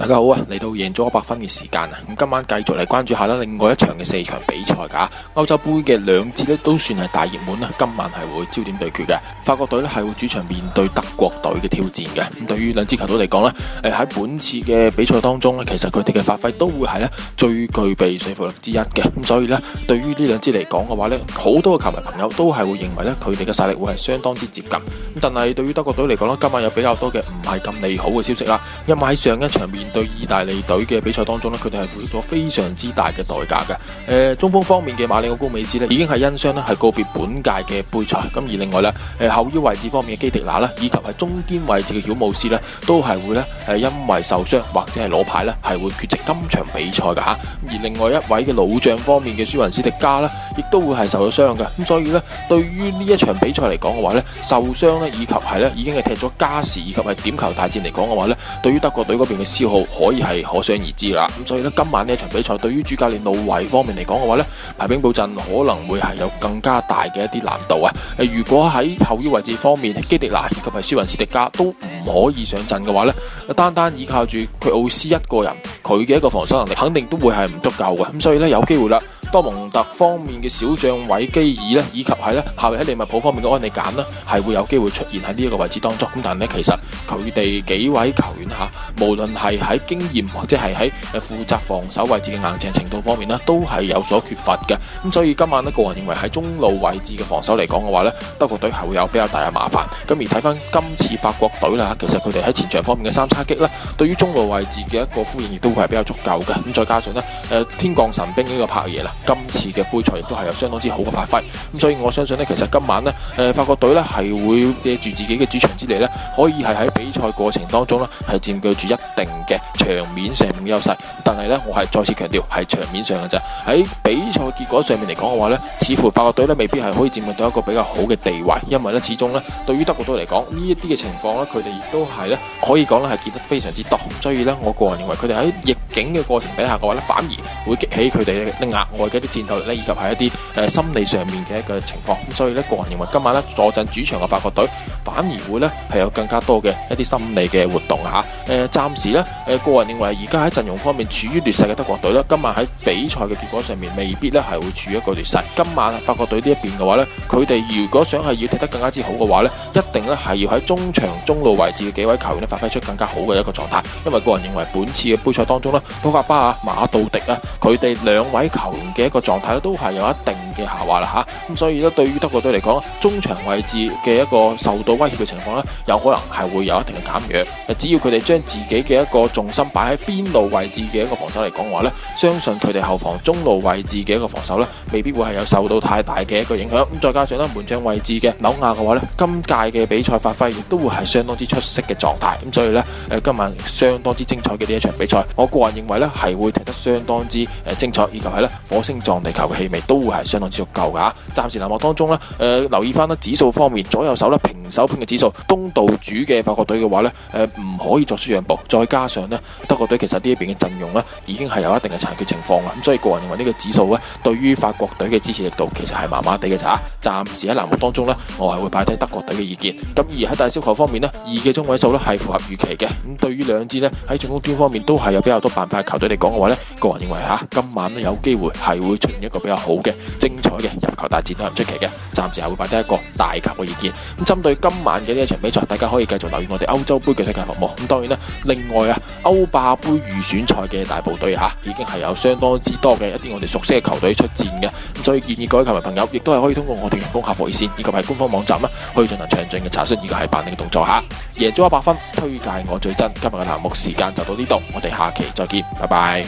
大家好啊！嚟到贏足 100FUN 嘅時間啊，咁今晚繼續嚟關注下啦，另外一場嘅四場比賽噶，歐洲盃嘅兩支咧都算係大熱門啦，今晚係會焦點對決嘅。法國隊呢係會主場面對德國隊嘅挑戰嘅。咁對於兩支球隊嚟講呢，誒喺本次嘅比賽當中呢，其實佢哋嘅發揮都會係呢最具備說服力之一嘅。咁所以呢，對於呢兩支嚟講嘅話呢，好多嘅球迷朋友都係會認為呢，佢哋嘅實力會係相當之接近。咁但係對於德國隊嚟講呢，今晚有比較多嘅唔係咁利好嘅消息啦。因為喺上一場面。對意大利隊嘅比賽當中咧，佢哋係付出咗非常之大嘅代價嘅。誒、呃，中鋒方，方面嘅馬里奧高美斯咧，已經係因傷咧係告別本屆嘅杯賽。咁而另外咧，誒後腰位置方面嘅基迪拿咧，以及係中堅位置嘅小姆斯咧，都係會咧誒因為受傷或者係攞牌咧係會缺席今場比賽嘅吓。而另外一位嘅老將方面嘅舒雲斯迪加咧，亦都會係受咗傷嘅。咁所以咧，對於呢一場比賽嚟講嘅話咧，受傷咧以及係咧已經係踢咗加時以及係點球大戰嚟講嘅話咧，對於德國隊嗰邊嘅消耗。可以係可想而知啦，咁所以咧，今晚呢一場比賽對於主教練老維方面嚟講嘅話咧，排兵布陣可能會係有更加大嘅一啲難度啊！誒，如果喺後腰位置方面，基迪拿以及係舒雲斯迪加都唔可以上陣嘅話咧，單單依靠住佢奧斯一個人，佢嘅一個防守能力肯定都會係唔足夠嘅，咁所以咧有機會啦。多蒙特方面嘅小將韋基爾呢，以及係呢效力喺利物浦方面嘅安利簡呢係會有機會出現喺呢一個位置當中。咁但係呢，其實佢哋幾位球員嚇、啊，無論係喺經驗或者係喺誒負責防守位置嘅硬淨程度方面呢都係有所缺乏嘅。咁所以今晚咧，個人認為喺中路位置嘅防守嚟講嘅話呢，德國隊係會有比較大嘅麻煩。咁而睇翻今次法國隊啦，其實佢哋喺前場方面嘅三叉戟呢對於中路位置嘅一個呼應亦都會係比較足夠嘅。咁再加上呢、呃、天降神兵呢個柏耶啦。今次嘅杯賽亦都係有相當之好嘅發揮，咁所以我相信咧，其實今晚咧，誒法國隊咧係會借住自己嘅主場之利咧，可以係喺比賽過程當中咧係佔據住一定嘅場面上面嘅優勢。但係咧，我係再次強調係場面上嘅啫，喺比賽結果上面嚟講嘅話咧，似乎法國隊咧未必係可以佔據到一個比較好嘅地位，因為咧始終咧對於德國隊嚟講呢一啲嘅情況咧，佢哋亦都係咧可以講咧係見得非常之多，所以咧我個人認為佢哋喺逆境嘅過程底下嘅話咧反而。會激起佢哋咧額外嘅一啲戰鬥力咧，以及係一啲誒心理上面嘅一個情況。咁所以咧，個人認為今晚咧坐陣主場嘅法國隊反而會咧係有更加多嘅一啲心理嘅活動嚇。誒暫時咧，誒個人認為而家喺陣容方面處於劣勢嘅德國隊咧，今晚喺比賽嘅結果上面未必咧係會處於一個劣勢。今晚法國隊呢一邊嘅話咧，佢哋如果想係要踢得更加之好嘅話咧，一定咧係要喺中場中路位置嘅幾位球員咧發揮出更加好嘅一個狀態。因為個人認為本次嘅杯賽當中咧，保加巴啊、馬杜迪啊。佢哋兩位球員嘅一個狀態咧，都係有一定嘅下滑啦嚇。咁所以咧，對於德國隊嚟講咧，中場位置嘅一個受到威脅嘅情況咧，有可能係會有一定嘅減弱。只要佢哋將自己嘅一個重心擺喺邊路位置嘅一個防守嚟講話咧，相信佢哋後防中路位置嘅一個防守咧，未必會係有受到太大嘅一個影響。咁再加上咧，門將位置嘅紐亞嘅話咧，今屆嘅比賽發揮亦都會係相當之出色嘅狀態。咁所以咧，誒今晚相當之精彩嘅呢一場比賽，我個人認為咧，係會踢得相當之。誒精彩，以及係咧火星撞地球嘅氣味，都會係相當之足夠噶、啊、暫時欄目當中誒、呃、留意翻指數方面左右手呢平手盤嘅指數，東道主嘅法國隊嘅話誒唔、呃、可以作出讓步，再加上呢德國隊其實呢一邊嘅陣容呢已經係有一定嘅殘缺情況，咁所以個人認為呢個指數咧，對於法國隊嘅支持力度其實係麻麻地嘅咋。暫時喺欄目當中呢我係會擺低德國隊嘅意見。咁而喺大小球方面呢二嘅中位數咧係符合預期嘅。咁對於兩支喺進攻端方面都係有比較多辦法嘅球隊嚟講嘅話咧，個人認為今晚咧有機會係會出現一個比較好嘅精彩嘅入球大戰都係唔出奇嘅，暫時係會擺低一個大球嘅意見。咁針對今晚嘅呢場比賽，大家可以繼續留意我哋歐洲杯嘅推介服務。咁當然啦，另外啊，歐霸杯預選賽嘅大部隊嚇已經係有相當之多嘅一啲我哋熟悉嘅球隊出戰嘅。咁所以建議各位球迷朋友，亦都係可以通過我哋人工客服熱線以及係官方網站啊，可以進行詳盡嘅查詢以及係辦理嘅動作嚇。贏足一百 FUN，推介我最真。今日嘅欄目時間就到呢度，我哋下期再見，拜拜。